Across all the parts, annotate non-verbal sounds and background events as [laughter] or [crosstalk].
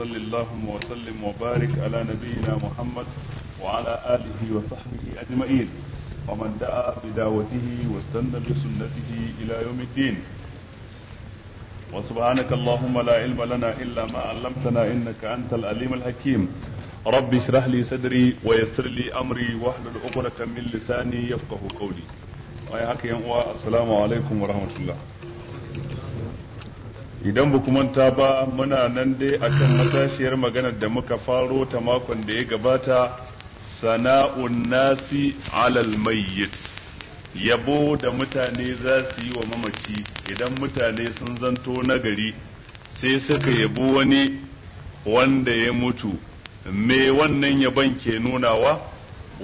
صلى اللهم وسلم وبارك على نبينا محمد وعلى اله وصحبه اجمعين ومن دعا بدعوته واستنى بسنته الى يوم الدين وسبحانك اللهم لا علم لنا الا ما علمتنا انك انت العليم الحكيم رب اشرح لي صدري ويسر لي امري واحلل عقدة من لساني يفقه قولي ويا حكي السلام عليكم ورحمه الله idan ba manta ba muna nan dai a kan matashiyar maganar da muka faro ta makon da ya gabata sana'un nasi alal mayyit yabo da mutane za su yi wa mamaci idan mutane sun zanto nagari sai suka yabo wani wanda ya mutu me wannan yabon ke nunawa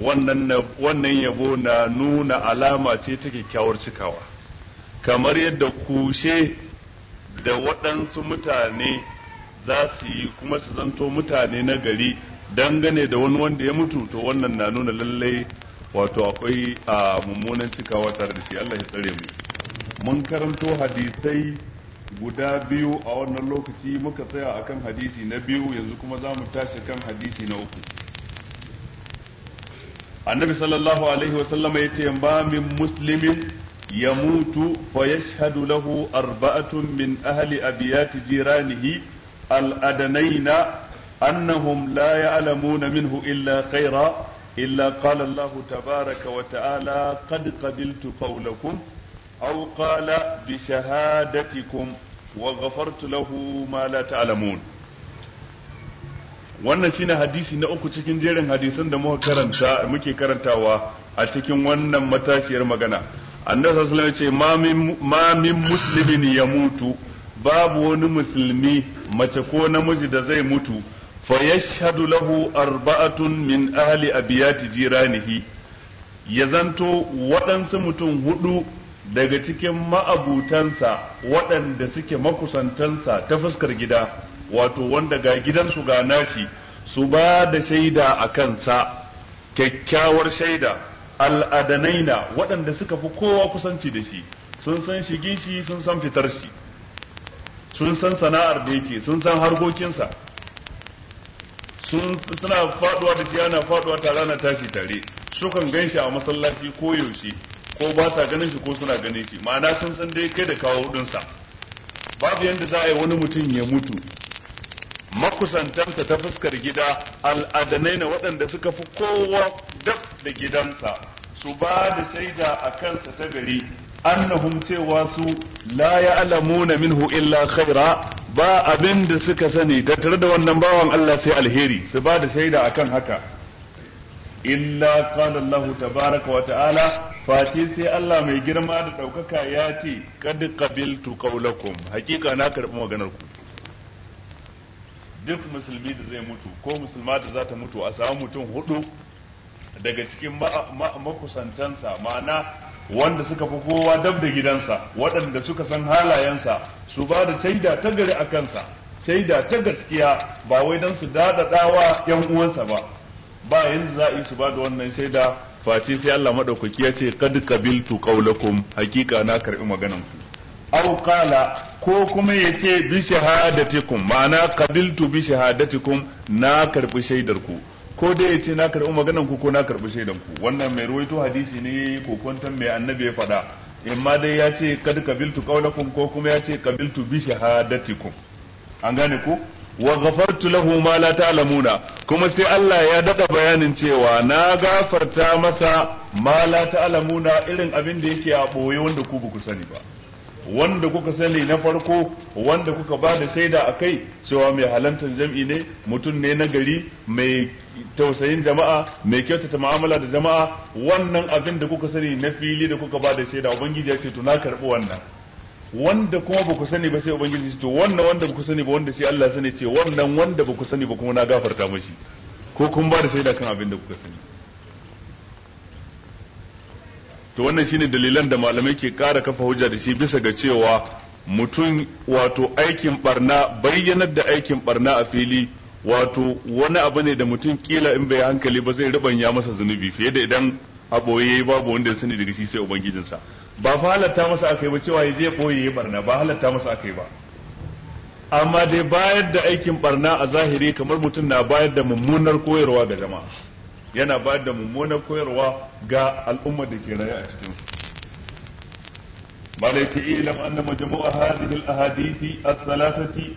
wannan yabo na nuna alama ce ta kyakkyawar cikawa kamar yadda kushe da waɗansu mutane za su yi kuma su zanto mutane na gari dangane da wani wanda ya mutu to wannan na nuna lallai wato akwai a mummunan cikawa tare da shi Allah ya tsare mu mun karanto hadisai guda biyu a wannan lokaci muka tsaya akan hadisi na biyu yanzu kuma za mu tashi kan hadisi na uku annabi sallallahu alaihi wasallam ya ce ba min muslimin يموت فيشهد له أربعة من أهل أبيات جيرانه الأدنين أنهم لا يعلمون منه إلا خيرا إلا قال الله تبارك وتعالى قد قبلت قولكم أو قال بشهادتكم وغفرت له ما لا تعلمون wannan shine hadisi na uku cikin jerin hadisan da muka karanta muke karantawa a cikin wannan matashiyar magana annabi sallallahu alaihi wasallam ce ma min muslimin ya mutu babu wani musulmi mace ko namiji da zai mutu fa yashhadu lahu arba'atun min ahli abiyati jiranihi ya zanto waɗansu mutum hudu daga cikin ma'abutansa waɗanda suke makusantansa ta fuskar gida wato wanda ga gidansu ga nashi su ba da shaida a sa kyakkyawar shaida al'adanaina waɗanda suka fi kowa kusanci da shi sun san shigin shi sun san fitar shi sun san sana'ar da yake sun san harkokinsa suna faɗuwa da shi ana faduwa tare na tashi tare sukan gan shi a masallaci ko yaushe ko ba sa ganin shi ko suna ganin shi ma'ana sun san dai kai da kawo ɗinsa babu yadda za a yi wani mutum ya mutu makusantanta ta fuskar gida al'adanai na waɗanda suka fi kowa daf da gidansa su ba da shaida a kansa ta gari annahum cewa su la ya'lamuna minhu illa khaira ba abin da suka sani tattare da wannan bawan Allah sai alheri su ba da shaida akan haka illa qala Allah tabaraka wa ta'ala fati sai Allah mai girma da ɗaukaka ya ce qad qabiltu qawlakum hakika na karɓi maganar ku duk musulmi da zai mutu ko musulma da za ta mutu a samu mutum hudu daga cikin makusantansa ma'ana wanda suka fi kowa dab da gidansa waɗanda suka san halayensa su ba da shaida ta gari a kansa shaida ta gaskiya ba wai don su daɗaɗa wa ‘yan uwansa ba ba yanzu za a yi su ba da wannan shaida fati sai Allah maɗaukaki ya ce kad kabiltu qaulakum hakika na karɓi maganan ku ko kuma ya ce bi shahadatikum ma'ana qabiltu bi shahadatikum na karbi shaidar ku ko dai ya ce na karbi maganan ku ko na karbi shaidar ku wannan mai ruwaito hadisi ne ko kwantan mai annabi ya faɗa imma dai ya ce kad qabiltu qaulakum ko kuma ya ce qabiltu bi shahadatikum an gane ku. wa ghafartu lahu ma la ta'lamuna kuma sai Allah ya daɗa bayanin cewa na gafarta masa ma la ta'lamuna irin abin da yake a boye wanda ku ba ku sani ba wanda kuka sani na farko wanda kuka ba da shaida a kai cewa mai halantar jam'i ne mutum ne na gari mai tausayin jama'a mai kyautata mu'amala da jama'a wannan abin da kuka sani na fili da kuka ba da shaida ubangiji ya ce to na karbi wannan wanda kuma ba ku sani ba sai ubangiji ce to wannan wanda ba ku sani ba wanda sai Allah sani ce wannan wanda ba ku sani ba kuma na gafarta mashi ko kun ba da shaida kan abin da kuka sani to wannan shine dalilan da malamai ke ƙara kafa hujja da shi bisa ga cewa mutum wato aikin barna bayyanar da aikin barna a fili wato wani abu ne da mutum kila in bai hankali ba zai rubanya masa zunubi fiye da idan a ɓoye babu wanda ya sani daga shi sai ubangijinsa ba fa halatta masa akai ba cewa ya boye ɓoye ya barna ba halatta masa akai ba amma dai bayar da aikin barna a zahiri kamar mutum na bayar da mummunar koyarwa ga jama'a yana ba da mummunar koyarwa ga al'ummar da ke raye a cikin malai ta ilam anna majmu'a hadhihi ahadisi ath-thalathati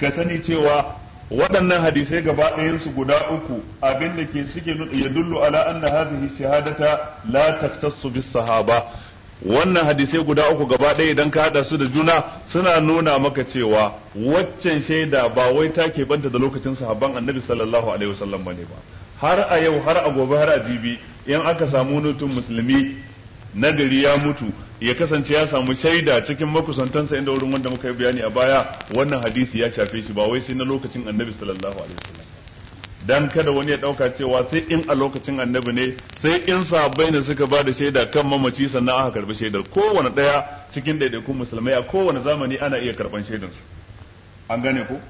ka sani cewa waɗannan hadisai gaba ɗayan su guda uku abin da ke suke ya dullu ala anna hadhihi shahadata la taktassu bis sahaba wannan hadisai guda uku gaba ɗaya idan ka haɗa su da juna suna nuna maka cewa waccan shaida ba wai ta ke banta da lokacin sahabban annabi sallallahu alaihi wasallam bane ba har a yau har a gobe har a jibi in aka samu nutun musulmi nagari ya mutu ya kasance ya samu shaida cikin makusantansa inda wurin wanda muka yi bayani a baya wannan hadisi ya shafe shi ba wai sai na lokacin annabi sallallahu alaihi wasallam dan kada wani ya dauka cewa sai in a lokacin annabi ne sai in sahabbai ne suka ba da shaida kan mamaci sannan aka karbi shaidar kowane daya cikin daidaikun musulmai a kowane zamani ana iya karban shaidar su an gane ko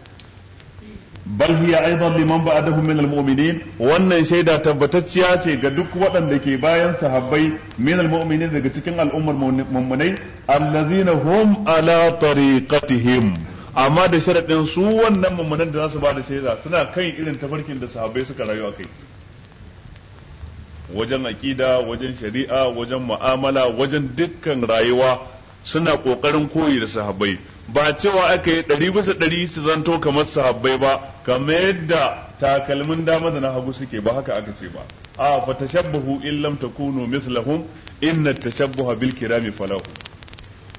bal hiya aidan liman ba'dahu min almu'minin wannan shaida tabbatacciya ce ga duk waɗanda ke bayan sahabbai min almu'minin daga cikin al'ummar mu'minai allazina hum ala tariqatihim amma da sharadin su wannan mu'minan da zasu ba da shaida suna kai irin tafarkin da sahabbai suka rayu a kai wajen aqida wajen shari'a wajen mu'amala wajen dukkan rayuwa suna kokarin koyi da sahabbai ba cewa aka yi ɗari bisa ɗari su zanto kamar sahabbai ba kamar yadda takalmin dama da na hagu suke ba haka aka ce ba a fa tashabbahu in lam takunu mislahum inna tashabbaha bil kirami falahu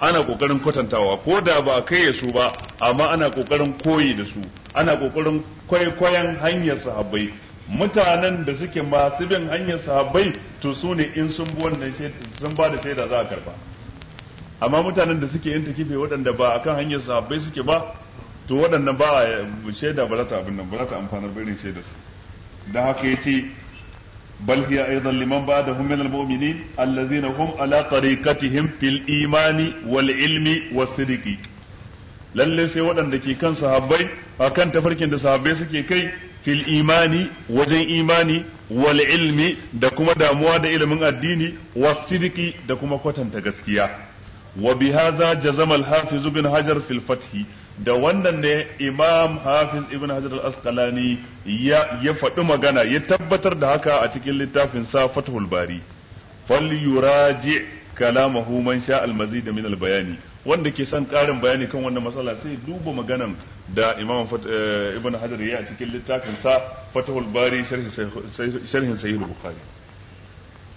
ana kokarin kwatantawa ko da ba kai su ba amma ana kokarin koyi da su ana kokarin kwaikwayon hanyar sahabbai mutanen da suke masu bin hanyar sahabbai to su ne in sun bi wannan sun ba da shaida za a karba amma mutanen da suke yin takife waɗanda ba akan hanyar sahabbai suke ba to waɗannan ba a shaida ba za ta abin nan ba za ta amfanar ba irin shaida su dan haka yace bal hiya aidan liman ba'dahum min almu'minin allazina hum ala tariqatihim fil imani wal ilmi was sidqi lalle sai waɗanda ke kan sahabbai akan tafarkin da sahabbai suke kai fil imani wajen imani wal ilmi da kuma damuwa da ilimin addini was sidqi da kuma kwatanta gaskiya wa bihaza jazama al-hafiz ibn hajar fil da wannan ne imam hafiz ibn hajar al-asqalani ya ya faɗi magana ya tabbatar da haka a cikin littafin sa fathul bari falyuraji kalamahu man sha al-mazid min al-bayani wanda ke son ƙarin bayani kan wannan matsala sai duba maganan da imam eh, ibn hajar ya a cikin littafin sa fathul bari sharhin sahih bukhari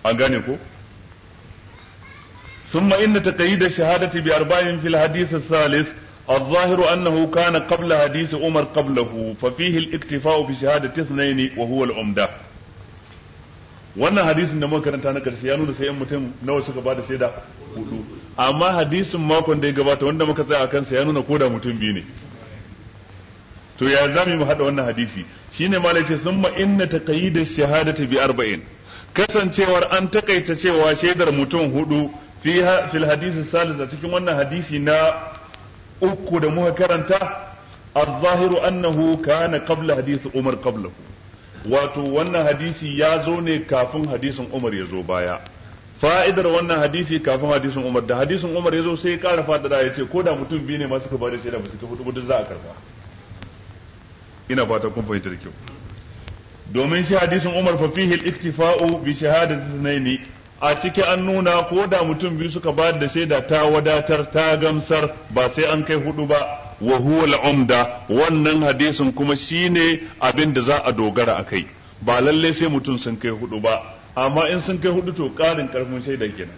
an gane ko ثم إن تقييد الشهادة بأربع في الحديث الثالث الظاهر أنه كان قبل حديث عمر قبله ففيه الاكتفاء بشهادة اثنين وهو العمدة wannan hadisin da muka karanta na karshe ya nuna sai yan mutum nawa suka ba da shaida hudu amma hadisin makon da ya gabata wanda muka tsaya a kansa ya nuna koda mutum biyu ne to ya za mu haɗa wannan hadisi shine malai ce summa inna taqayyida shahadati bi arba'in kasancewar an takaita cewa shaidar mutum hudu fi fil hadisi salis cikin wannan hadisi na uku da muka karanta الظاهر أنه كان قبل حديث عمر قبله wato wannan hadisi ya zo ne kafin hadisin Umar ya zo baya fa'idar wannan hadisi kafin hadisin Umar da hadisin Umar ya zo sai ya ƙara fadada ya ce ko da mutum biyu ne masu ka bada shaida da su ka hudu duk za a karba ina fata kun fahimta da kyau domin shi hadisin Umar fa fihi al-iktifa'u bi shahadati thnaini a ciki an nuna ko da mutum biyu suka bayar da shaida ta wadatar ta gamsar ba sai an kai hudu ba wa huwa umda wannan hadisin kuma shine abin da za a dogara akai ba lalle sai mutum sun kai hudu ba amma in sun kai hudu to karin karfin shaida kenan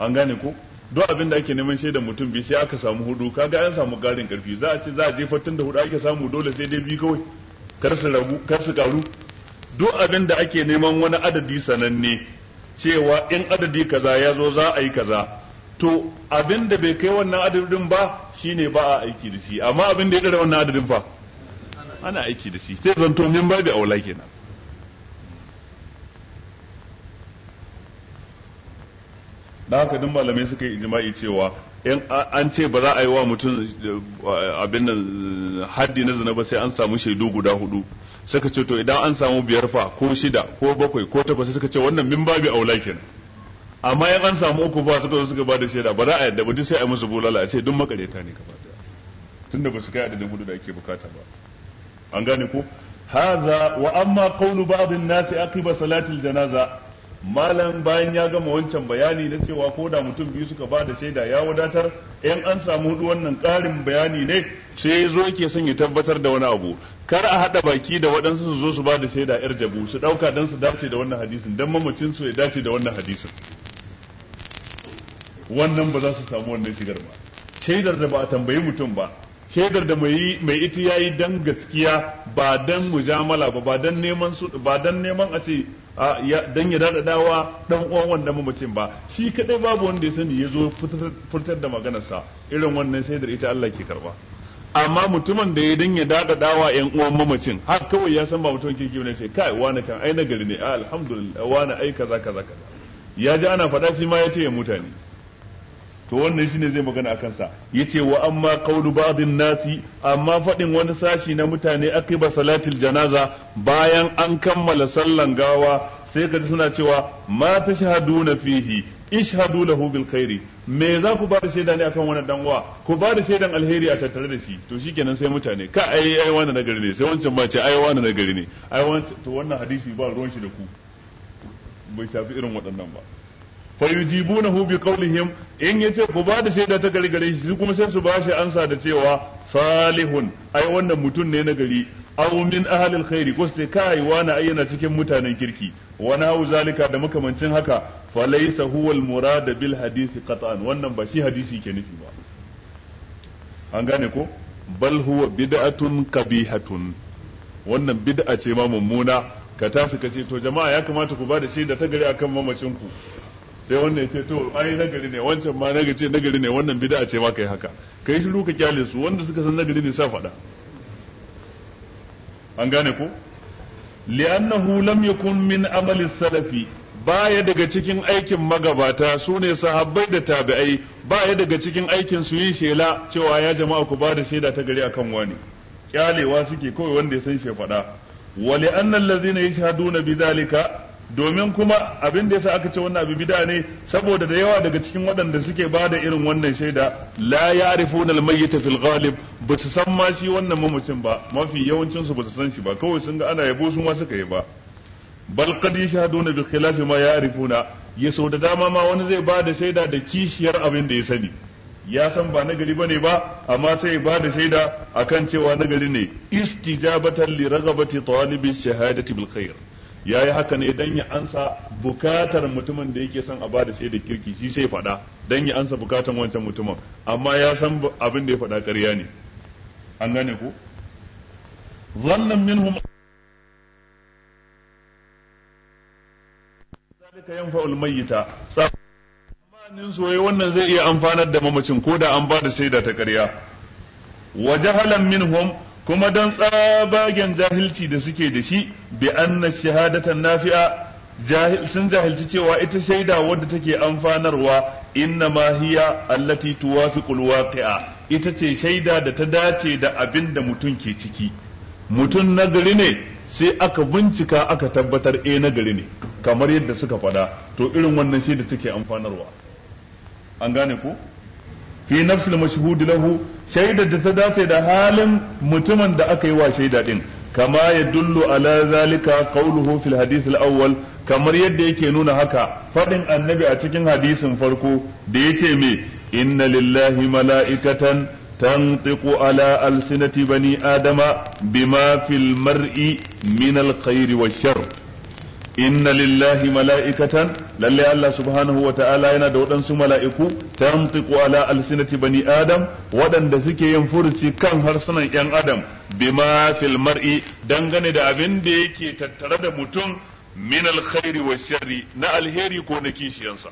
an gane ko Don abin da ake neman shaida mutum biyu sai aka samu hudu kaga an samu karin karfi za a ce za a je fatin da hudu ake samu dole sai dai biyu kawai kar su rabu kar su karu duk abin da ake neman wani adadi sananne cewa in adadi kaza ya zo za a yi kaza to abin da bai kai wannan adadin ba shine ba a aiki da shi amma abin da ya dare wannan adadin fa ana aiki da shi sai zanto min babu aula kenan da haka duk malamai suka yi ijma'i cewa in an ce ba za a yi wa mutum eh, abin nan eh, haddi na zina ba sai an samu shaidu guda hudu suka ce to idan an samu biyar fa ko shida ko bakwai ko takwas suka ce wannan min babi aula kenan amma yan an samu uku fa suka zo suka da shaida ba za a yadda ba sai a yi musu bulala a ce duk makareta ne gaba daya tunda ba su kai adadin gudu da ake bukata ba an gane ko hadha wa amma qawlu ba'd an-nas aqiba salati al-janaza malam bayan ya gama wancan bayani na cewa ko da mutum biyu suka ba da shaida ya wadatar in an samu hudu wannan karin bayani ne sai ya zo yake son ya tabbatar da wani abu kar a haɗa baki da waɗansu su zo su ba da shaida yar jabu su ɗauka don su dace da wannan hadisin don mamacin su ya dace da wannan hadisin wannan ba za su samu wannan shigar ba shaidar da ba a tambayi mutum ba shaidar da mai mai ita yayi dan gaskiya ba dan mujamala ba ba dan neman su ba dan neman a ce dan ya dawa dan uwan wannan mamacin ba shi kadai babu wanda ya sani ya zo furtar da maganarsa irin wannan shaidar ita Allah ke karba amma mutumin da ya danya ya dadada wa ƴan uwan mamacin har kawai ya san ba mutum kirki ne sai kai wani kan ai nagari ne a alhamdulillah wani ai kaza kaza kaza ya ji ana faɗa shi ma ya ce ya mutane to wannan shine zai magana akan sa yace wa amma qawlu ba'dhin nasi amma faɗin wani sashi na mutane ba salatil janaza bayan an kammala sallan gawa sai ka suna cewa ma tashhaduna fihi ishhadu lahu bil khairi me za ku ba da shaida ne akan wannan dan uwa ku ba da shaidan alheri a tattare da shi to shikenan sai mutane ka ai ai wannan nagari ne sai wancan ba ce ai wannan nagari ne ai wancan to wannan hadisi ba ruwan shi da ku bai shafi irin waɗannan ba fa yujibunahu bi qawlihim in yace ku ba da shaida ta gari gare shi kuma sai su ba shi ansa da cewa salihun ai wannan mutum ne nagari aw min ahlil khairi ko sai kai wani ayyana cikin mutanen kirki wa na'u zalika da makamancin haka falaysa huwa al bil hadisi qat'an wannan ba shi hadisi ke nufi ba an gane ko bal huwa bid'atun qabihatun wannan bid'a ce ma mummuna ka tafi ka ce to jama'a ya kamata ku ba da shaida ta gari akan mamacin ku sai wannan ya ce to ai nagari ne wancan ma nagari ce nagari ne wannan bid'a ce ma kai haka kai shiru ka kyale su wanda suka san nagari ne sai faɗa an gane ko li'annahu lam yakun min amali salafi baya daga cikin aikin magabata su ne sahabbai da tabi'ai baya daga cikin aikin su yi shela cewa ya jama'a ku ba da shaida ta gari akan wani kyalewa suke kawai wanda ya san shi faɗa wali annal ladzina yashhaduna zalika domin kuma abin da ya sa aka ce wannan abu bid'a ne saboda da yawa daga cikin waɗanda suke ba da irin wannan shaida la ya'rifuna al-mayyit fil ghalib ba su san ma shi wannan mamacin ba mafi yawancin su ba su san shi ba kawai sun ga ana yabo sun ma suka yi ba bal qad yashhaduna bi khilafi ma ya'rifuna yaso da dama ma wani zai ba da shaida da kishiyar abin da ya sani ya san ba nagari bane ba amma sai ba da shaida akan cewa nagari ne istijabatan li ragabati talibi shahadati bil khair yayi haka ne dan ya ansa bukatar mutumin da yake son a ba da shaida kirki shi sai faɗa dan ya ansa bukatar wancan mutumin amma ya san abin da ya faɗa ƙarya ne an gane ku zannan minhum zalika yanfa'ul mayyita tsammanin soyayya wannan zai iya amfanar da mamacin ko da an ba da shaida ta ƙarya wa jahalan minhum kuma dan tsabagen jahilci da suke da shi bi anna shahadatan nafi'a jahil sun jahilci cewa ita shaida wadda take amfanarwa inna ma hiya allati tuwafiqul waqi'a ita ce shaida da ta dace da abin da mutum ke ciki mutum nagari ne sai aka bincika aka tabbatar eh na gari ne kamar yadda suka faɗa to irin wannan shi da take amfanarwa an gane ko fi nafsul mashhud lahu shaidar da ta dace da halin mutumin da aka yi wa shaida din kama yadullu ala zalika qawluhu fil hadith al awwal kamar yadda yake nuna haka faɗin annabi a cikin hadisin farko da yace me inna lillahi mala'ikatan تنطق ala ألسنة bani adama بما في المرء من الخير والشر inna lillahi mala'ikatan lallai Allah subhanahu wa ta'ala yana da waɗansu mala'iku tantiqu ala alsinati bani adam waɗanda suke yin furuci kan harsunan ‘yan adam bima fil dangane da abin da yake tattare da mutum min alkhairi wa sharri na alheri ko na kishiyarsa.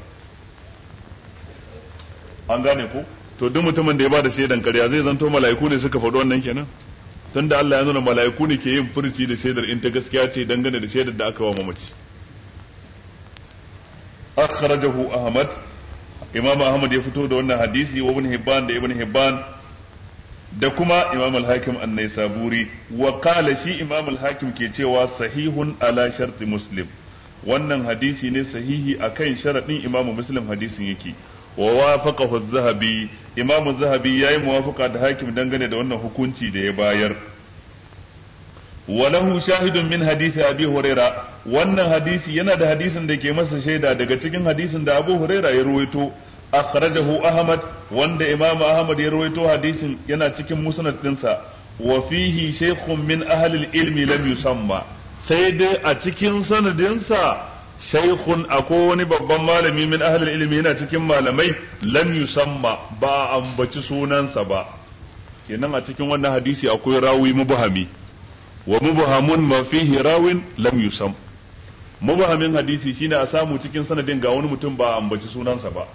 an gane ko to duk mutumin da ya bada shaidan ƙarya zai zanto mala'iku ne suka faɗi wannan kenan tunda Allah ya nuna mala'iku ne ke yin furci da shaidar in ta gaskiya ce dangane da shaidar da aka wa mamaci akhrajahu ahmad imam ahmad ya fito da wannan hadisi wa ibn hibban da ibn hibban da kuma imam al-hakim an-naisaburi wa qala shi imam al-hakim ke cewa sahihun ala sharti muslim wannan hadisi ne sahihi akan sharadin imam muslim hadisin yake wa wafaqahu az-zahabi imamu zahabi yayi muwafaqa da hakim dangane da wannan hukunci da ya bayar wa lahu shahidun min hadisi abi huraira wannan hadisi yana da hadisin da ke masa shaida daga cikin hadisin da abu huraira ya ruwaito akhrajahu ahmad wanda imam ahmad ya ruwaito hadisin yana cikin musnad dinsa wa fihi shaykhun min ahli al-ilmi lam yusamma sai dai a cikin sanadinsa shaykhun akwai wani babban malami min ahlul ilmi yana cikin malamai lam yusamma ba a ambaci sunansa ba kenan a cikin wannan hadisi akwai rawi mubhami wa mubhamun ma fihi rawin lam yusam mubhamin hadisi shine a samu cikin sanadin ga wani mutum ba a ambaci sunansa ba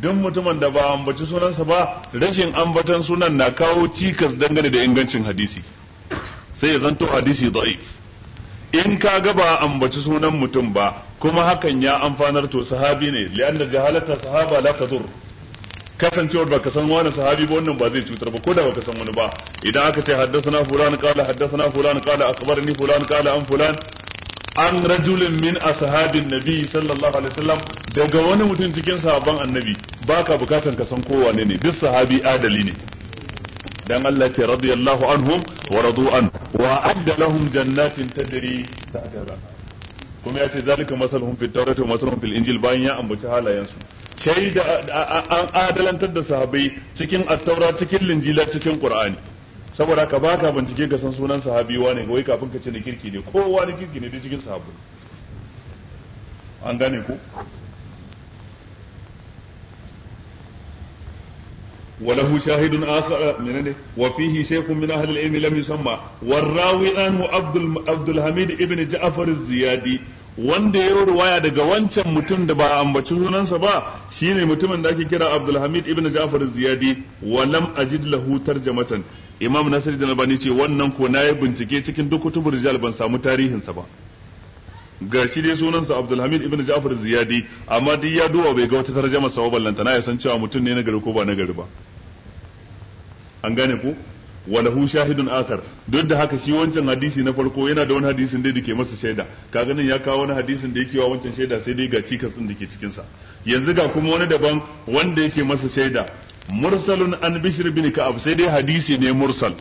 duk mutumin da ba a ambaci sunansa ba rashin ambatan sunan na kawo cikas dangane da ingancin hadisi sai ya zanto hadisi da'if in ka ga ba ambaci sunan mutum ba kuma hakan ya amfanar to sahabi ne li'anna jahalata sahaba la tadur kasancewar baka san wani sahabi ba wannan ba zai cutar ba koda baka san wani ba idan aka ce haddathana fulan qala haddathana fulan qala akhbarani fulan qala an fulan an rajulin min ashabin nabi sallallahu alaihi wasallam daga wani mutum cikin sahabban annabi baka bukatan ka san kowa ne duk sahabi adali ne dan Allah ce radiyallahu anhum wa radu an wa adda lahum jannatin tajri kuma ya ce zalika masalhum fit tawrati wa masalhum fil injil bayan ya ambaci halayen su shaida an adalantar da sahabbai cikin at-taura cikin linjila cikin qur'ani saboda ka baka bincike ka san sunan sahabi wane wai kafin ka ce na kirki ne kowa na kirki ne dai cikin sahabbai an gane ku وله شاهد آخر من وفيه شيخ من أهل العلم لم يسمى والراوي عنه عبد عبد الحميد ابن جعفر الزيادي wanda ya ruwaya daga wancan mutum da ba a ambaci sunansa ba shine mutumin da ake kira Abdulhamid ibn Ja'far Ziyadi wa lam ajid lahu tarjamatan Imam Nasiruddin Albani ce wannan ko nayi bincike cikin duk kutubur rijal ban samu tarihinsa ba ga shi dai sunansa Abdulhamid ibn Ja'far Ziyadi amma duk ya duwa bai ga wata tarjama sa ballanta na ya san cewa mutum ne na gari ko ba na gari ba an gane ku. walahu shahidun akhar duk da haka shi wancan hadisi na farko yana da wani hadisin dai dake masa shaida kaga nan ya kawo wani hadisin da yake wa wancan shaida sai dai ga cikas din dake cikin sa yanzu ga kuma wani daban wanda yake masa shaida mursalun an bishr bin ka'ab sai dai hadisi ne mursal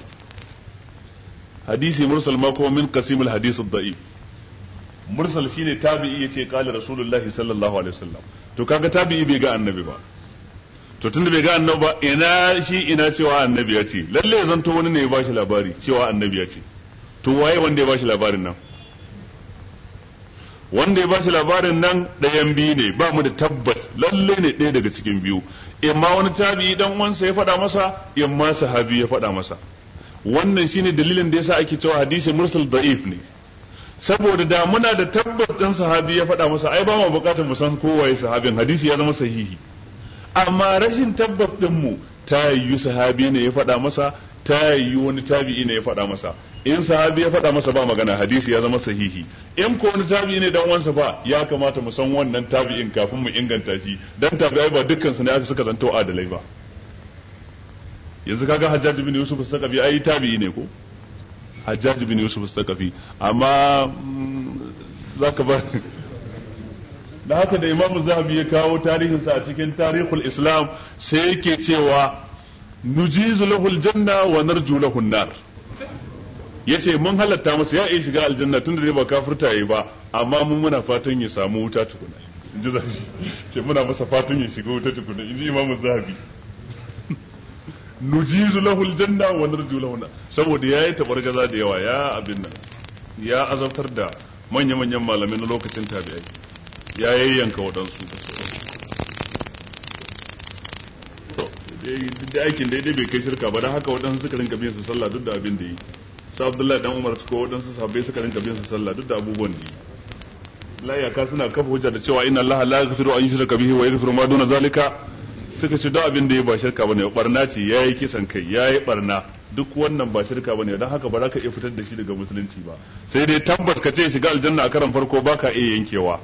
hadisi mursal ma kuma min qasimul hadis daif mursal shine tabi'i yace qala rasulullahi sallallahu alaihi wasallam to kaga tabi'i bai ga annabi ba to tunda bai ga annabi ba ina shi ina cewa annabi ya ce lalle ya zanto wani ne ya bashi labari cewa annabi ya ce to waye wanda ya bashi labarin nan wanda ya bashi labarin nan ɗayan biyu ne ba mu da tabbas lalle ne ɗaya daga cikin biyu imma wani tabi'i dan wansa ya faɗa masa imma sahabi ya faɗa masa wannan shine dalilin da yasa ake cewa hadisi mursal da'if ne saboda da muna da tabbas ɗin sahabi ya faɗa masa ai ba mu buƙatar mu san ya sahabin hadisi ya zama sahihi amma rashin tabbas ɗin mu ta yiwu sahabi ne ya faɗa masa ta yiwu wani tabi'i ne ya faɗa masa in sahabi ya faɗa masa ba magana hadisi ya zama sahihi in ko wani tabi'i ne dan wansa ba ya kamata mu san wannan tabi'in kafin mu inganta shi dan tabi'ai ba dukkan su ne aka suka zanto adalai ba yanzu kaga Hajjaj bin Yusuf sakabi ai tabi'i ne ko hajjaj bin yusuf sakafi amma mm, za ka bar [laughs] da haka da imamu zahabi ya kawo tarihinsa a cikin tarihul islam sai yake cewa nujizu lahul janna wa narju lahun nar yace mun halatta masa ya iya shiga aljanna tunda dai ba kafirta yayi ba amma mun muna fatan ya samu wuta tukuna inji zahabi [laughs] ce muna masa fatan ya shiga wuta tukuna inji imamu zahabi nujizu lahul janna wa narju lahu saboda yayi tabargaza da yawa ya abin nan ya azabtar da manya-manyan malamai na lokacin tabi'ai ya yayyanka wadansu da aikin daidai bai kai shirka ba don haka waɗansu suka rinka biyan su sallah duk da abin da yi su abdullahi dan umar ko waɗansu sahabbai suka rinka biyan su sallah duk da abubuwan da yi la ka suna kafa hujja da cewa inna allaha la yaghfiru an yushraka bihi wa yaghfiru ma duna zalika suka ce duk abin da ya ba shirka bane barna ce ya yi kisan kai ya yi barna duk wannan ba shirka bane don haka ba za ka iya fitar da shi daga musulunci ba sai dai tabbas ka ce shiga aljanna a karan farko ba ka iya yankewa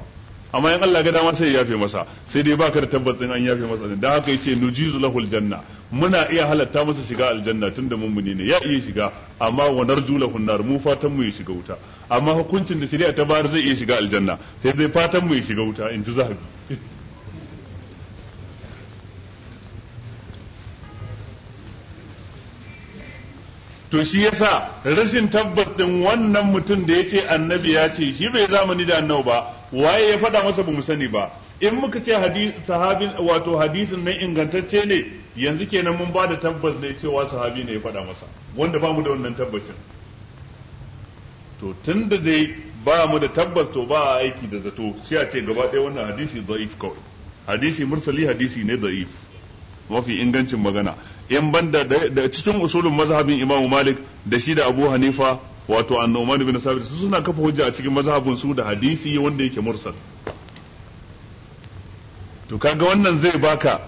amma in Allah ga dama sai ya yafe masa sai dai baka da tabbas din an yafe masa don haka yace nujizu lahul janna muna iya halatta masa shiga aljanna tunda mummuni ne ya iya shiga amma wa narju lahun nar mu fatan mu ya shiga wuta amma hukuncin da shari'a ta bayar zai iya shiga aljanna sai dai fatan mu ya shiga wuta in ji zahabi [laughs] to shi yasa rashin tabbas din wannan mutum da ya ce annabi ya ce shi bai zamani da annabi ba waye ya faɗa masa bamu sani ba in muka ce sahabi wato hadisin nan ingantacce ne yanzu kenan mun ba da tabbas ne cewa sahabi ne ya faɗa masa wanda ba mu da wannan tabbacin to tun dai ba mu da tabbas to ba a aiki da zato sai a ce gaba ɗaya wannan hadisi da'if kawai hadisi mursali hadisi ne da'if mafi ingancin magana in banda da cikin usulun mazhabin Imam Malik da shi da Abu Hanifa wato An-Nu'man ibn Sabit su suna kafa hujja a cikin mazhabin su da hadisi wanda yake mursal to kaga wannan zai baka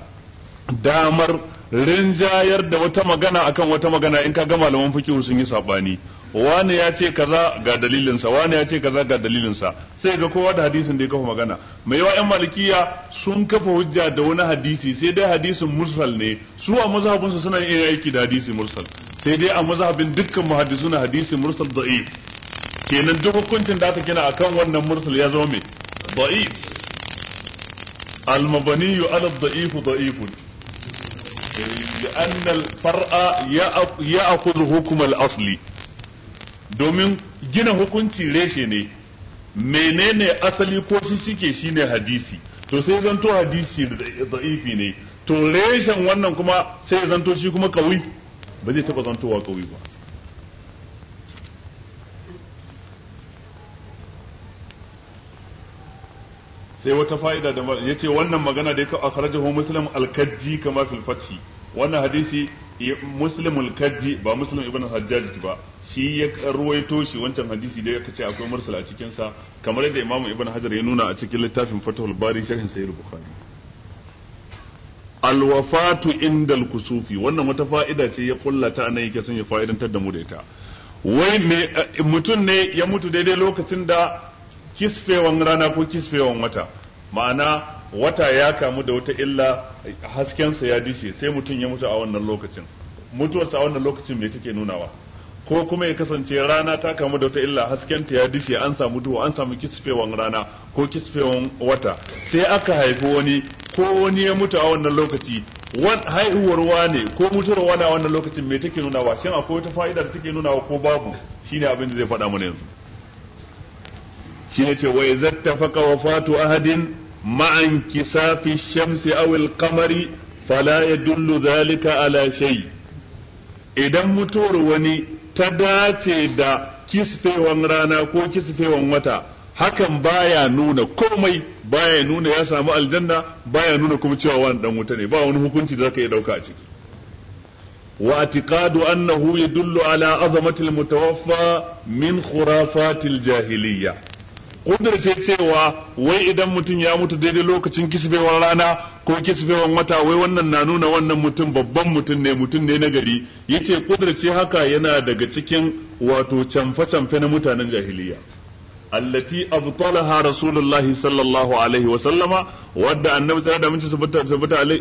damar rinjayar da wata magana akan wata magana in kaga malaman fiqh sun yi sabani wani ya ce kaza ga dalilinsa wani ya ce kaza ga dalilinsa sai ga kowa da hadisin da ya kafa magana mai yawa yan malikiya sun kafa hujja da wani hadisi sai dai hadisin mursal ne su a mazhabin su suna yin aiki da hadisi mursal sai dai a mazhabin dukkan muhaddisuna hadisi mursal da'if kenan duk hukuncin da aka kina akan wannan mursal ya zama mai da'if al-mabani ala da'if da'ifun لأن الفرع يأخذ حكم الأصلي domin gina hukunci reshe ne menene asali ko shi shike shine hadisi to sai zanto hadisi da'ifi ne to reshen wannan kuma sai zanto shi kuma kawai ba zai taba zantowa kawai ba sai wata fa'ida da ya ce wannan magana da ya ka akhrajahu muslim al-kajji kama fil wannan hadisi muslimul kaji ba muslim ibn hajjaj ba shi ya ruwaito shi wancan hadisi da yake ce akwai mursala a cikin sa kamar yadda imamu ibn hajar ya nuna a cikin littafin Fatahul bari sharhin Sayyid bukhari Al-Wafatu indal kusufi wannan wata fa'ida ce ya kullata nan yake son ya fa'idantar da mu da ita wai me eh, mutum ne ya mutu daidai lokacin da kisfewan rana ko kisfewan wata ma'ana wata ya kamu da wata illa haskensa ya dishe sai mutum ya mutu a wannan lokacin mutuwarsa a wannan lokacin me take nunawa ko kuma ya kasance rana ta kamu da wata illa haskenta ya dishe an samu duhu an samu kisfewan rana ko kisfewan wata sai aka haifi wani ko wani ya mutu a wannan lokaci haihuwar wane ko mutuwar wane a wannan lokacin me take nunawa shin akwai wata fa'ida da take nunawa ko babu shine abin da zai faɗa mana yanzu shine ce wa izattafaqa wafatu ahadin مع انكساف الشمس او القمر فلا يدل ذلك على شيء idan mutuwar wani ta dace da kisfewan rana ko kisfewan wata hakan baya nuna komai baya nuna ya samu aljanna baya nuna kuma cewa wani dan wuta ne ba wani hukunci da zaka iya dauka a ciki wa atiqadu annahu yadullu ala azamatil mutawaffa min khurafatil jahiliyya kudirce cewa wai idan mutum ya mutu daidai lokacin kisbewar rana ko kisbewar wata wai wannan na nuna wannan mutum babban mutum ne mutum ne na gari yace kudirce haka yana daga cikin wato canfe-canfe na mutanen jahiliya allati abtalaha rasulullahi sallallahu alaihi wa sallama wadda annabi sai da minci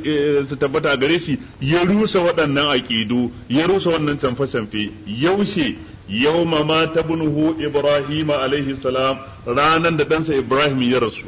eh, su tabbata gare shi ya rusa waɗannan aqidu ya rusa wannan canfe-canfe yaushe yawma mata bunuhu ibrahim alaihi salam ranan da ɗansa ibrahim ya rasu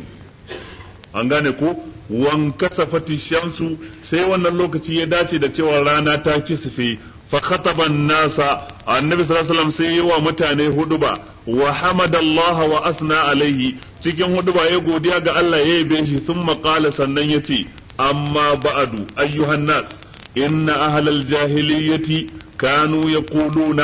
an gane ko Wankasa kasafati shamsu sai wannan lokaci ya dace da cewa rana ta kisfe fa khataba nasa annabi sallallahu sai mutane huduba wa hamadallaha wa asna alaihi cikin huduba ya godiya ga Allah ya yabe shi sun qala sannan yace amma ba'adu ayyuhan nas إن أهل الجاهلية كانوا يقولون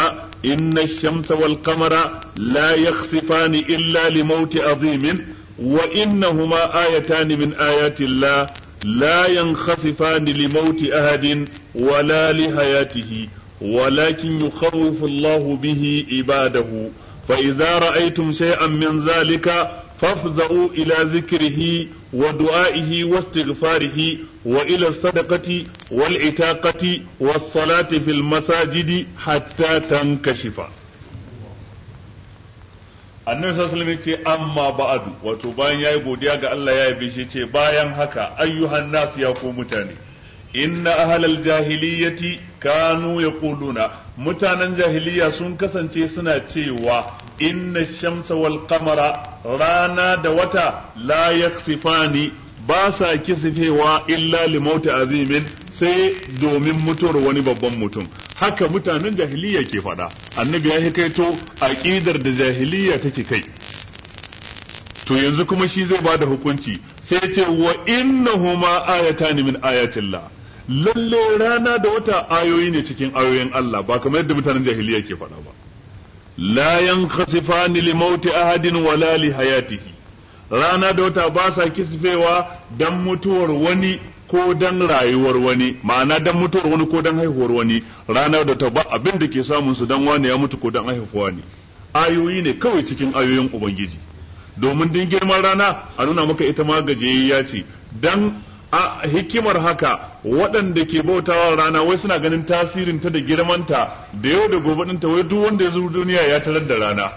إن الشمس والقمر لا يخسفان إلا لموت عظيم وإنهما آيتان من آيات الله لا ينخسفان لموت أحد ولا لحياته ولكن يخوف الله به عباده فإذا رأيتم شيئا من ذلك fafza'u ila zikrihi wa du'a'ihi wa istighfarihi wa ila sadaqati wal itaqati was masajidi hatta tankashifa annabi sallallahu alaihi ce amma ba'adu wato bayan yayi godiya ga Allah ya yabe shi ce bayan haka ayyuhan nas ya ko mutane inna ahlal jahiliyyati kanu yaquluna mutanen jahiliya sun kasance suna cewa inna shamsa wal qamara rana da wata la yaksifani ba sa kisifewa illa li mauti azimin sai domin mutuwar wani babban mutum haka mutanen jahiliya ke faɗa annabi ya kaito aqidar da jahiliya take kai to yanzu kuma shi zai bada hukunci sai ce wa innahuma ayatan min ayatillah lalle rana da wata ayoyi ne cikin ayoyin Allah ba kamar yadda mutanen jahiliya ke faɗa ba Layan yankhasifani li mauti ahadin wala li hayatihi rana da wata ba sa kisfewa dan mutuwar wani ko dan rayuwar wani ma'ana dan mutuwar wani ko dan haihuwar wani rana da wata ba abin da ke samun su dan wani ya mutu ko dan haihuwa ne ayoyi ne kawai cikin ayoyin ubangiji domin din girman rana a nuna maka ita ma gajiyayya ce dan a hikimar haka waɗanda ke bautawa rana wai suna ganin tasirin ta da girmanta da yau da gobe ɗinta wai duk wanda ya zo duniya ya tarar da rana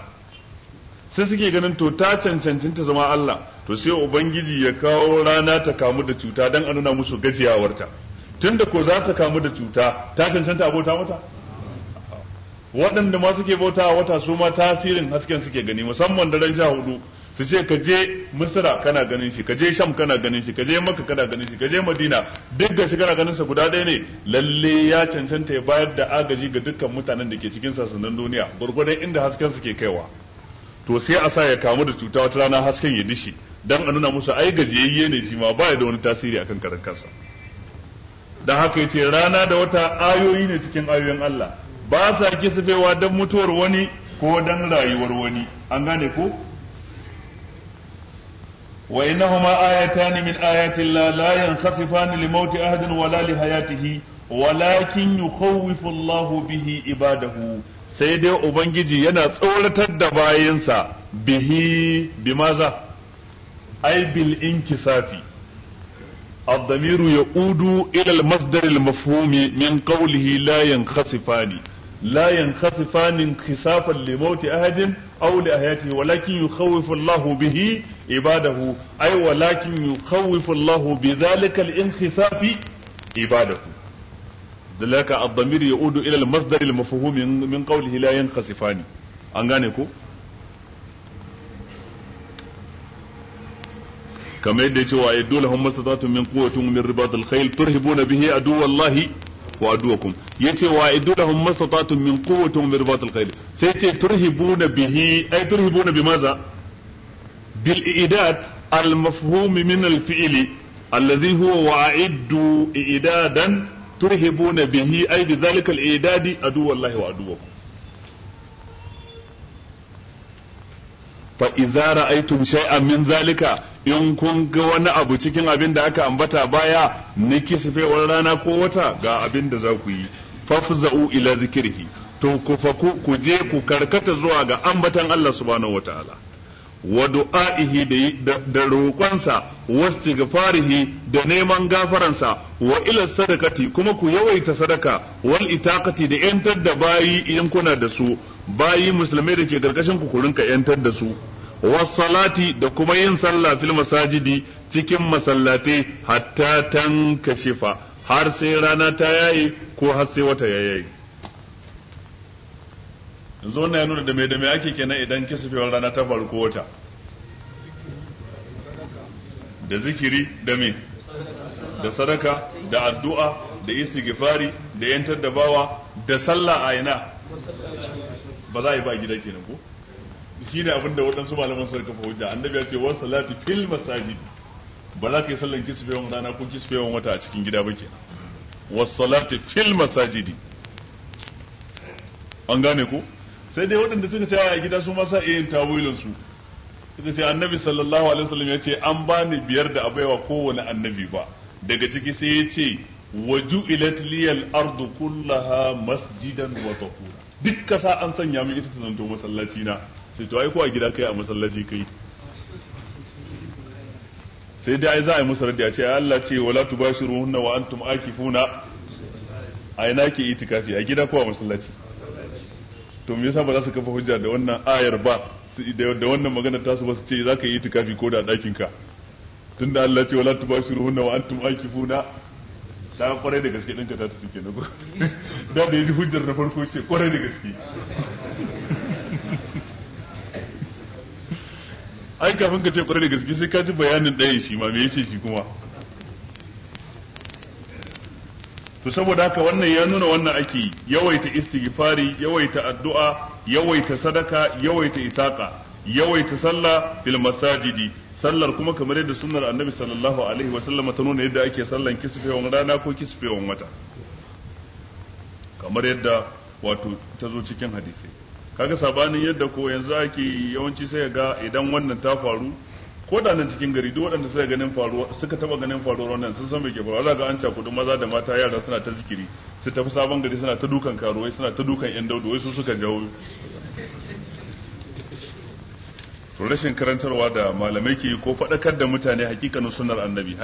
sai suke ganin to ta cancancin ta zama Allah to sai ubangiji ya kawo rana ta kamu da cuta dan a nuna musu gajiyawarta tunda ko za ta kamu da cuta ta cancanta abota mata waɗanda ma suke bautawa wata su ma tasirin hasken suke gani musamman daren sha hudu su ce ka je misra kana ganin shi ka je sham kana ganin shi ka je makka kana ganin shi ka je madina duk da shi kana ganin sa guda ɗaya ne lalle ya cancanta ya bayar da agaji ga dukkan mutanen da ke cikin sassanin duniya gurgurdan inda hasken su ke kaiwa to sai a sa ya kamu da cuta wata rana hasken ya dishi dan a nuna musu ai gajiyayye ne shi ma baya da wani tasiri akan karan kansa dan haka yace rana da wata ayoyi ne cikin ayoyin Allah ba sa kisafewa dan mutuwar wani ko dan rayuwar wani an gane ko وإنهما آيتان من آيات الله لا ينخففان لموت أحد ولا لحياته ولكن يخوف الله به عباده sai dai ubangiji yana tsoratar da bayansa bihi bimaza ai bil inkisafi الضمير يعود إلى المصدر المفهوم من قوله لا ينخسفان لا ينخسفان انخسافا لموت أحد أو لحياته ولكن يخوف الله به ibadahu ay walakin yukhawifu Allahu bidhalika al-inkhisafi ibadahu dalaka ad-damir yaudu ila al-masdar al-mafhum min qawlihi la yanqasifani an gane ko kamar yadda ya ce wa yaddu lahum masatatun min quwwatin min ribatil khayl turhibuna bihi aduwallahi wa aduwakum yace wa yaddu lahum masatatun min sai bihi بالإعداد المفهوم من الفعل الذي هو وأعدوا إعدادا ترهبون به أي بذلك الإعداد عدو الله وعدوكم فإذا رأيتم شيئا من ذلك in kun ga wani abu cikin abin da aka ambata baya na wa rana ko wata ga abin da za ku yi fafza'u ila zikirhi to ku faku ku je ku karkata zuwa ga ambatan Allah subhanahu wataala wa du'a'ihi da roƙonsa wastighfarihi da neman gafaransa wa ila sadakati kuma ku yawaita sadaka wal itaqati da yantar da bayi idan kuna da su bayi musulmai da ke karkashin ku rinka yantar da su wasalati da kuma yin sallah fil masajidi cikin masallatai hatta tankashifa har sai rana ta yayi ko har sai wata yayi yanzu wannan ya nuna da mai da mai ake kenan idan kisafewar rana ta faru ko wata da zikiri da me da sadaka da addu'a da istighfari da yantar da bawa da sallah a ina ba za a yi ba gida kenan ko shi ne abinda waɗansu malaman suka kafa hujja annabi ya ce wa salati fil masajid ba za ka yi sallan kisfewan rana ko kisfewan wata a cikin gida ba ke. was salati fil masajidi an gane ko sai dai waɗanda suka ce a gida su ma sa iya yin tawilin su suka ce annabi sallallahu alaihi wasallam ya ce an bani biyar da abaiwa kowane annabi ba daga ciki sai ya ce waju ilat liyal ardu kullaha masjidan wa tahura duk kasa an sanya min ita ta zanto masallaci na sai to ai ko a gida kai a masallaci kai sai dai za a yi musarar da ce Allah ce wala tubashiruhunna wa antum akifuna a ina ke itikafi a gida ko a masallaci to me yasa ba za su kafa hujja da wannan ayar ba da wannan magana su ba su ce za ka yi itikafi ko da ɗakin ka da Allah ce wala hunna wa antum akifuna ta kwarai da gaske ɗinka ta tafi kenan ko [laughs] da da yaji hujjar na farko ce kwarai da gaske [laughs] ai kafin ka ce kwarai da gaske sai ka ji bayanin ɗayan shi ma me yace shi kuma to saboda haka wannan ya nuna wannan ake yawaita istighfari yawaita addu'a yawaita sadaka yawaita itaqa yawaita sallah fil masajidi sallar kuma kamar yadda sunnar annabi sallallahu alaihi wa sallama ta nuna yadda ake sallan kisfewan rana ko kisfewan wata kamar yadda wato ta zo cikin hadisi kaga sabanin yadda ko yanzu ake yawanci sai ga idan wannan ta faru ko da nan cikin gari duk waɗanda suka ganin faruwa suka taba ganin faruwar wannan sun san me ke faruwa zaka ga an cakudin maza da mata yara suna ta zikiri su tafi sabon gari suna ta dukan karuwai suna ta dukan yan daudu wai su suka jawo to rashin karantarwa da malamai ke ko faɗakar da mutane hakikanin sunnar annabi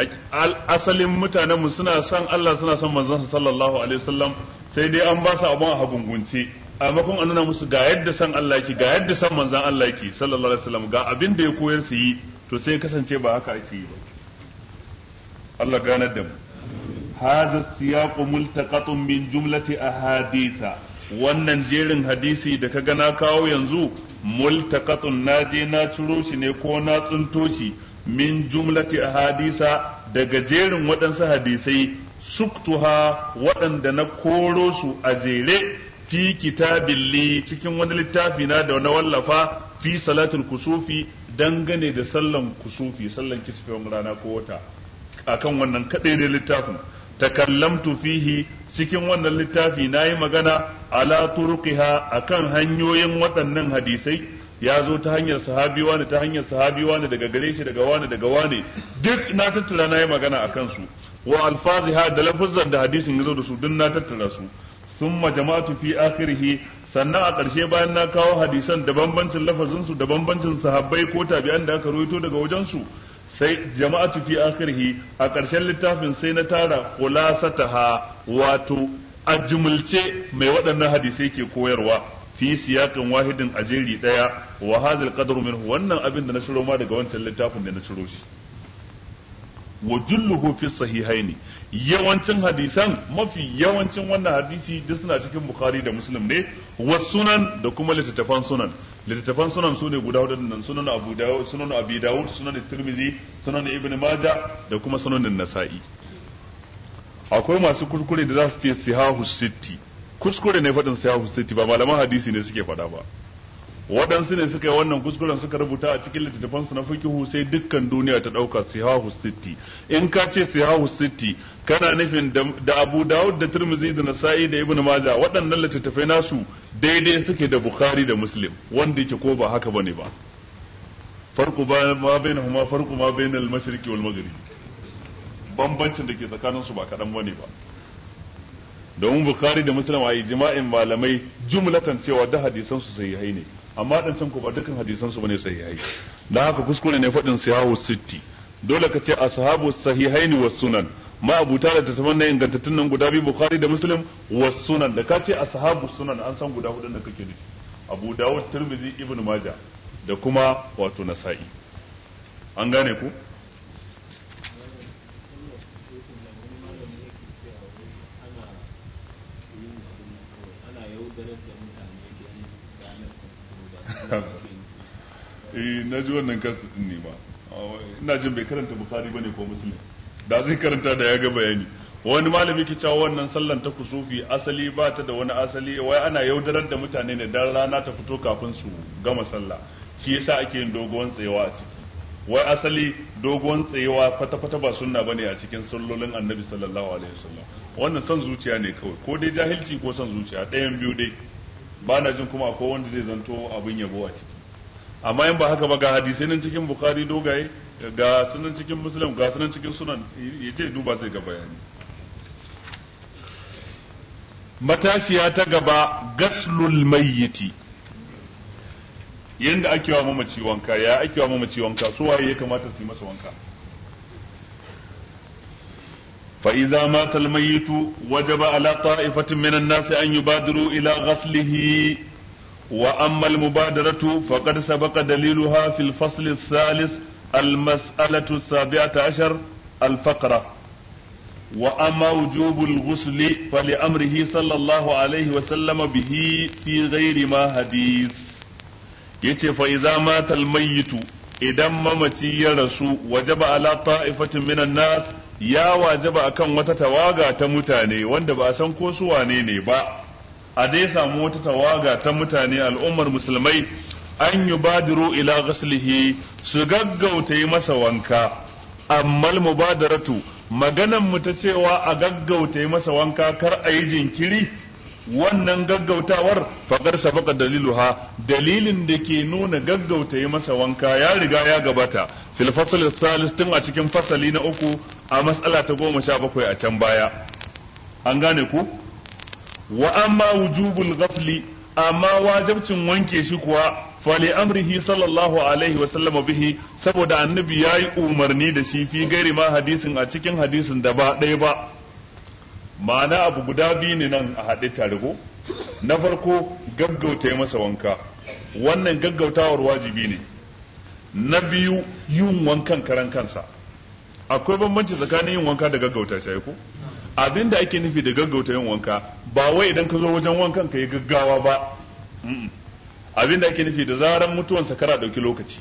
asalin mutanen mu suna son Allah suna son manzon sallallahu alaihi wasallam sai dai an ba su abun a hagungunce a makon an nuna musu ga yadda san Allah yake ga yadda san manzon Allah yake sallallahu alaihi wasallam ga abin da ya koyar su yi to sai kasance ba haka ake yi ba Allah ganar da mu hadha siyaqu multaqatun min jumlati ahaditha wannan jerin hadisi da kaga na kawo yanzu multaqatun naje na ciro shi ne ko na tsunto shi min jumlati hadisa daga jerin waɗansu hadisai suktuha waɗanda na koro su a zere fi kitabin cikin wani littafi na da na wallafa fi salatul kusufi dangane da sallan kusufi sallan kisfiyon rana ko wata akan wannan kadai da littafin takallamtu fihi cikin wannan littafi yi magana ala a kan hanyoyin waɗannan hadisai ya zo ta hanyar sahabi wani ta hanyar sahabi wani daga gare shi daga wani daga wani duk na tattara nayi magana akan su wa alfaziha da lafazan da hadisin ya zo da su duk na tattara su thumma jama'atu fi akhirih sannan a ƙarshe bayan na kawo hadisan da bambancin lafazinsu da bambancin sahabbai ko tabi'an da aka ruwaito daga wajen su sai jama'atu fi akhirhi a ƙarshen littafin sai na tara khulasataha wato a jumulce mai waɗannan hadisai ke koyarwa fi siyakin wahidin ajeri jeri ɗaya wa hazal qadru minhu wannan abin da na shiro ma daga wancan littafin da na ciro shi wa julluhu fi sahihaini yawancin hadisan mafi yawancin wannan hadisi duk suna cikin bukhari da muslim ne wa sunan da kuma littattafan sunan littattafan sunan sune guda hudu nan sunan abu dawud sunan abi dawud sunan tirmidhi sunan ibn majah da kuma sunan nasa'i akwai masu kuskure da za su ce sihahu sitti kuskure ne faɗin sihahu sitti ba malaman hadisi ne suke faɗa ba waɗansu ne suka yi wannan kuskuren suka rubuta a cikin littattafan su na fikihu sai dukkan duniya ta ɗauka sihahu sitti in ka ce sihahu sitti kana nufin da Abu Dawud da turmizi da Nasa'i da Ibn maja waɗannan littattafai nasu daidai suke da Bukhari da Muslim wanda yake ko ba haka bane ba farko ba ma huma farko ma bainal mashriqi wal maghrib bambancin da ke tsakanin su ba kaɗan bane ba domin Bukhari da Muslim a ijma'in malamai jumlatan cewa da hadisan su sahihai ne amma dan can ku ba dukkan hadisan su bane sahihai dan haka kuskure ne fadin sahihu sitti dole ka ce ashabu sahihaini was sunan ma abuta da tattaman na ingantattun nan guda biyu bukhari da muslim was sunan da ka ce ashabu sunan an san guda hudun da kake nufi abu dawud tirmidhi ibn majah da kuma wato nasa'i an gane ku [laughs] eh na ji wannan kasu din ne ba ina jin bai karanta bukari bane ko muslim da zai karanta da ya ga bayani wani malami ke cewa wannan sallan ta kusufi asali ba ta da wani asali wai ana yaudarar da mutane ne dan rana ta fito kafin su gama sallah shi yasa ake yin doguwan tsayawa a ciki wai asali doguwan tsayawa fata-fata ba sunna bane a cikin sallolin annabi sallallahu alaihi wasallam wannan son zuciya ne kawai ko dai jahilci ko son zuciya ɗayan biyu dai ba na jin kuma akwai wanda zai zanto abin yabo a ciki amma in ba haka ba ga hadisai nan cikin bukhari dogaye ga sunan cikin muslim ga sunan cikin sunan ya ce duba zai ga bayani matashiya ta gaba gaslul mayyiti yanda ake wa mamaci wanka ya ake wa mamaci wanka su waye ya kamata su yi masa wanka فإذا مات الميت وجب على طائفة من الناس أن يبادروا إلى غسله وأما المبادرة فقد سبق دليلها في الفصل الثالث المسألة السابعة عشر الفقرة وأما وجوب الغسل فلأمره صلى الله عليه وسلم به في غير ما حديث يتي فإذا مات الميت idan mamaci ya rasu wajaba ala ta'ifatin minan nas ya wajaba akan wata tawaga ta mutane wanda ba a san ko su wane ne ba a dai samu wata tawaga ta mutane al'ummar musulmai an yubadiru ila ghaslihi su gaggauta yi masa wanka ammal mubadaratu maganan mu ta cewa a gaggauta yi masa wanka kar a yi jinkiri wannan gaggautawar faƙar dalilu ha, dalilin da ke nuna gaggauta yi masa wanka ya riga ya gabata fil salis tun a cikin fasali na uku a matsala ta goma sha bakwai a can baya an gane ku wa amma wujubul ghafli amma wajibcin wanke shi kuwa fali amrihi sallallahu alaihi wa sallam bihi saboda annabi yi umarni da shi fi gairi ma hadisin a cikin hadisin da ba ɗaya ba ma'ana abu guda biyu ne nan a haɗe tare ko na farko gaggauta ya masa wanka wannan gaggautawar wajibi ne na biyu yin wankan karan kansa akwai bambanci tsakanin yin wanka da gaggauta shi ko abin da ake nufi da gaggauta yin wanka ba wai idan ka zo wajen wankan ka yi gaggawa ba abin da ake nufi da zaran mutuwansa sakara ɗauki lokaci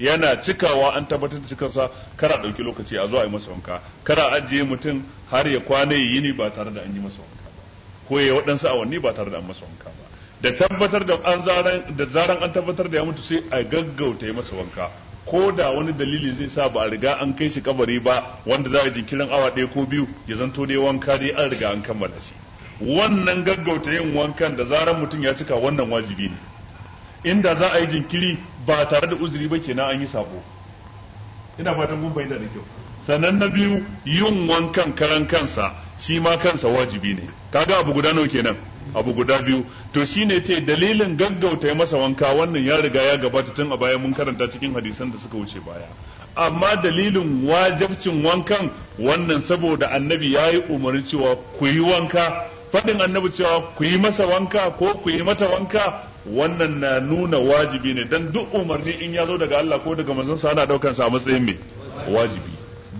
yana cikawa an tabbatar da cikarsa a ɗauki lokaci a zo a yi masa wanka a ajiye mutum har ya kwana ya yini ba tare da an yi masa wanka ba ko ya waɗansu awanni ba tare da an masa wanka ba da tabbatar da an zaran da zaran an tabbatar da ya mutu sai a gaggauta ya masa wanka ko da wani dalili zai sa ba a riga an kai shi kabari ba wanda za a jinkirin awa ɗaya ko biyu ya zanto dai wanka dai an riga an kammala shi wannan gaggauta yin wankan da zaran mutum ya cika wannan wajibi ne inda za a yi jinkiri ba tare da uzuri ba kenan an yi sabo ina fatan mun bayyana da kyau sannan na biyu yin wankan karan kansa shi ma kansa wajibi ne kaga abu guda nawa kenan abu guda biyu to shine ce dalilin gaggauta masa wanka wannan ya riga ya gabata tun a baya mun karanta cikin hadisan da suka wuce baya amma dalilin wajabcin wankan wannan saboda annabi ya yi umarni cewa ku yi wanka faɗin annabi cewa ku yi masa wanka ko ku yi mata wanka wannan na nuna wajibi ne dan duk umarni in ya zo daga Allah ko daga manzon sa ana daukan sa a matsayin me wajibi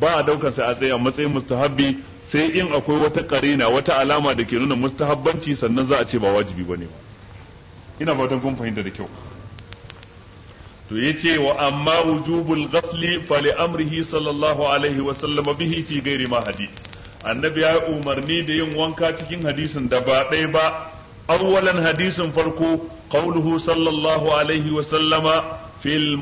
ba a daukan sa a tsaye a matsayin mustahabbi sai in akwai wata karina wata alama da ke nuna mustahabbanci sannan za a ce ba wajibi bane ba ina fatan kun fahimta da kyau to yace wa amma wujubul ghasli fa li amrihi sallallahu alaihi wa sallam bihi fi ghairi ma hadith annabi ya umarni da yin wanka cikin hadisin da ba ɗaya ba awwalan hadisin farko qauluhu sallallahu alaihi wa sallama fil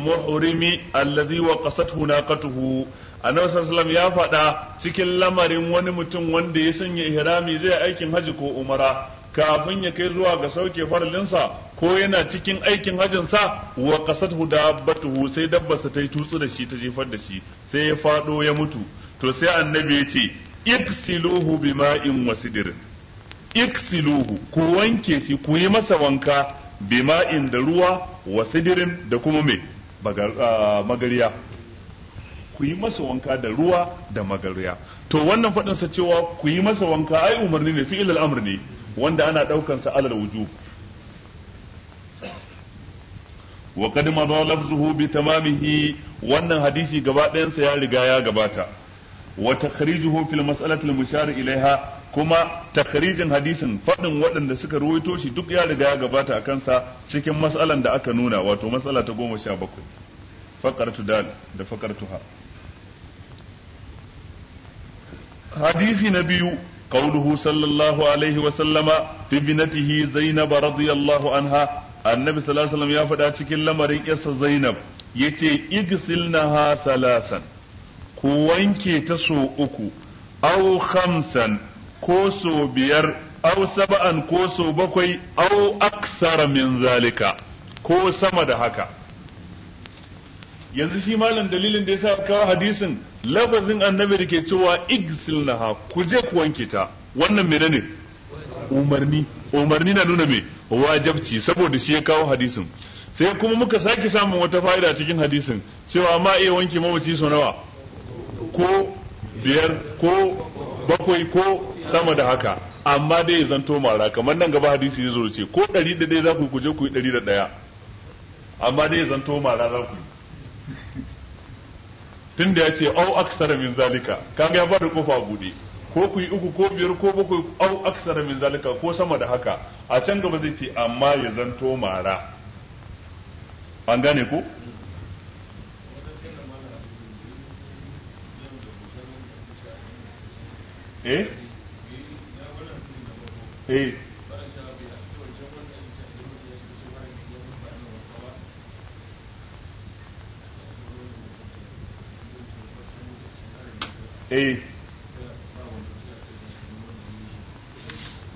allazi wa qasathu naqatuhu annabi sallallahu ya faɗa cikin lamarin wani mutum wanda ya sanya ihrami zai aikin haji ko umara kafin ya kai zuwa ga sauke faralinsa ko yana cikin aikin hajinsa wa qasathu batuhu sai dabbarsa ta yi tutsu da shi ta jefar da shi sai ya faɗo ya mutu to sai annabi ya ce iksiluhu bima'in wasidirin iksiluhu ku wanke shi ku yi masa wanka bima'in da ruwa wa sidirin da kuma mai ah, magariya ku yi masa wanka da ruwa da magariya to wannan sa cewa ku yi masa wanka ai umarni ne fi'il al'amr ne wanda ana ɗaukan sa alal wujub wa qad madha lafzuhu bi tamamihi wannan hadisi gaba ɗayansa ya riga ya gabata wa takhrijuhu fil mas'alati al-mushar ilaiha kuma takharijin hadisin faɗin waɗanda suka ruwaito shi duk ya riga ya gabata a kansa cikin matsalan da aka nuna wato matsala ta goma sha bakwai faƙartu dal da faƙartu ha hadisi na biyu قوله صلى الله عليه وسلم في ابنته زينب رضي الله عنها النبي صلى الله عليه وسلم يفدى cikin lamarin yarsa Zainab yace igsilnaha salasan ku wanke ta so uku aw khamsan ko so biyar au saba'an ko so bakwai au aksara min zalika ko sama da haka yanzu shi malam dalilin da yasa kawo hadisin lafazin annabi da ke cewa igsilnaha ku je ku wanke ta wannan menene umarni umarni na nuna me wajabci saboda shi ya kawo hadisin sai kuma muka sake samun wata fa'ida cikin hadisin cewa ma iya wanke mamaci sau nawa ko biyar ko bakwai ko sama da haka amma dai zanto mara kamar nan gaba hadisi ya zo ko ɗari da dai za ku kuje ku yi ɗari da ɗaya amma dai zanto mara za ku yi tun da ya ce au aksara min zalika kaga ya ba da kofa buɗe ko ku yi uku ko biyar ko bakwai au aksara min zalika ko sama da haka a can gaba zai ce amma ya zanto mara an gane ku. eh Eh. Eh.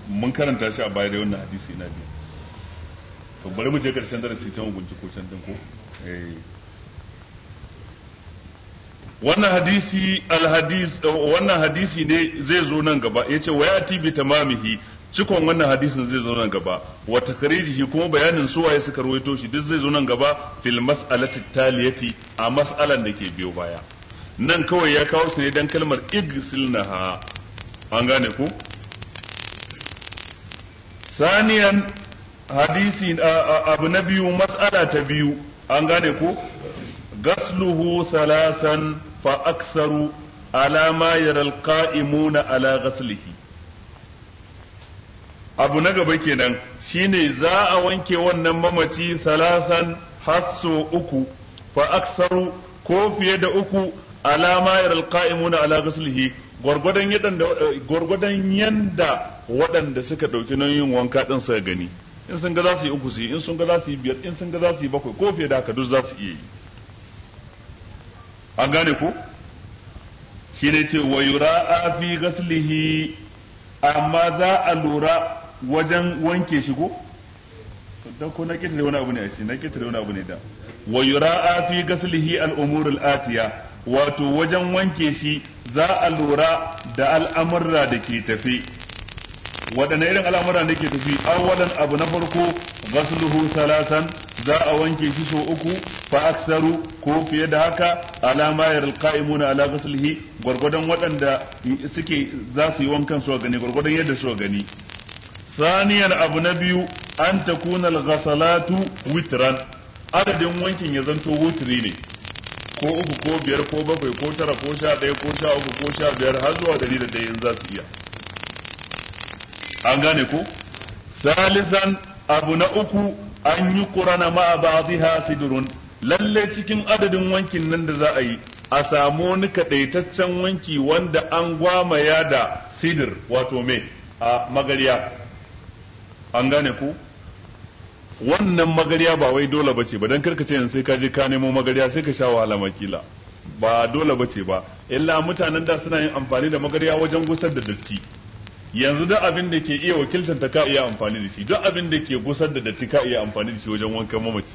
mun karanta shi a baya da wannan hadisi na biyu to bari mu je karshen darasi can mu ko can din ko eh. wannan hadisi alhadis wannan hadisi ne zai zo nan gaba yace wayati bi tamamihi cikon wannan hadisin zai zo nan gaba wa takhrijihi kuma bayanin su waye suka ruwaito shi duk zai zo nan gaba fil mas'alati taliyati a mas'alan da ke biyo baya nan kawai ya kawo su ne dan kalmar igsilnaha an gane ku saniyan hadisi abu na biyu mas'ala ta biyu an gane ku gasluhu salasan fa aktharu ala ma yaral qa'imuna ala ghaslihi abu na gaba kenan shine za a wanke wannan mamaci salasan hasso uku fa aksaru ko fiye da uku alama yaral qa'imuna ala ghuslihi gwargwadon yadda gwargwadon yanda waɗanda suka dauki nauyin wanka din sa gani in sun ga za su yi uku su yi in sun ga za su yi biyar in sun ga za su yi bakwai ko fiye da haka duk za su iya yi an gane ku? Shi ne ce wa a fi ghuslihi amma za a lura wajen wanke shi ko dan ko na kitare wani abu ne a ce na kitare wani abu ne da wa yura'a fi ghaslihi al-umur al-atiya wato wajen wanke shi za a lura da al'amurra da ke tafi waɗanne irin al'amurra da ke tafi awwalan abu na farko ghasluhu salasan za a wanke shi so uku fa aksaru ko fiye da haka alama ya alqaimuna ala ghaslihi gurgudan waɗanda suke za su yi wankan su gani gurgudan yadda su gani saniyar abu na biyu an takuna al-ghasalatu witran adadin wankin ya zanto wutri ne ko uku ko biyar ko bakwai ko tara ko sha ɗaya ko sha uku ko sha biyar har zuwa dari da ɗaya in za su iya an gane ko salisan abu na uku an yi a ma'a ha sidrun lalle cikin adadin wankin nan da za a yi a samu wani kaɗaitaccen wanki wanda an gwamaya da sidir wato me a magariya an gane ku wannan magariya ba wai dole bace ba dan karka ce yanzu sai ka je ka nemo magariya sai ka sha wahala makila ba dole bace ba illa mutanen da suna yin amfani da magariya wajen gusar da datti yanzu duk abin da ke iya wakiltar ta ka iya amfani da shi duk abin da ke gusar da datti ka iya amfani da shi wajen wankan mamaci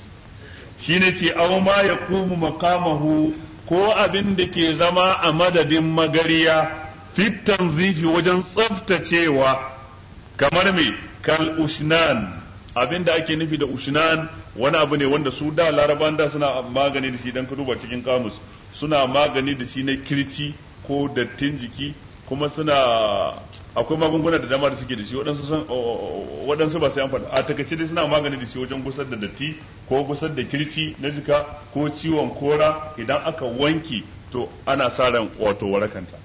shine ce aw ma yaqumu maqamahu ko abin da ke zama a madadin magariya fitan zifi wajen tsaftacewa kamar me kal abin da ake nufi da usnan wani abu ne wanda su da laraban da suna magani da shi dan ka duba cikin kamus suna magani da shi na kirci ko dattin jiki kuma suna akwai magunguna da dama da suke da shi waɗansu ba sai an faɗa a takaice dai suna magani da shi wajen gusar da datti ko gusar da kirci na jika ko ciwon kora idan aka wanke to ana sa ran wato warakanta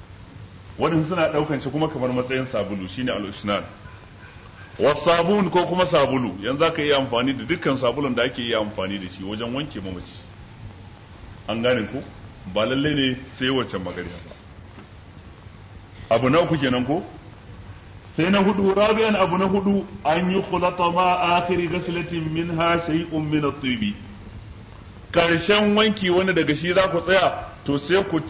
waɗansu suna ɗaukan shi kuma kamar matsayin sabulu shine al usnan wasabun ko kuma sabulu yanzu aka yi amfani da dukkan sabulun da ake yi amfani da shi wajen wanke mamaci an gane ko ba lalle ne sai wancan magariya ba abu na uku kenan ko sai na hudu rabi'an abu na hudu an yi khulata ma akhiri ghaslatin minha shay'un min at-tibi karshen wanki wani daga shi za ku tsaya to sai ku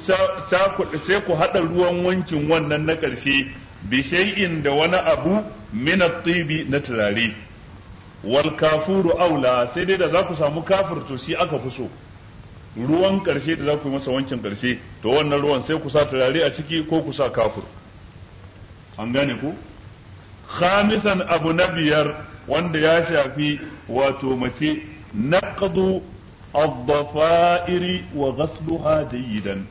sai ku hada ruwan wankin wannan na karshe bi shay'in da wani abu min at-tibi na turare wal kafuru aula sai dai da za ku samu kafir to shi aka fi so ruwan karshe da za ku yi masa wankin karshe to wannan ruwan sai ku sa turare a ciki ko ku sa kafir an gane ku khamisan abu na biyar wanda ya shafi wato mace naqdu ghasluha jayidan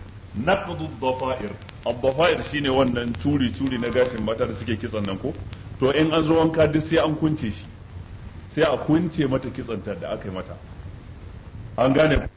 naqdu ad dafa'ir shi shine wannan curi curi na gashin mata da suke kitsan nan ko to in an zo wanka duk sai an kunce shi sai a kunce mata kitsanta da aka yi mata an gane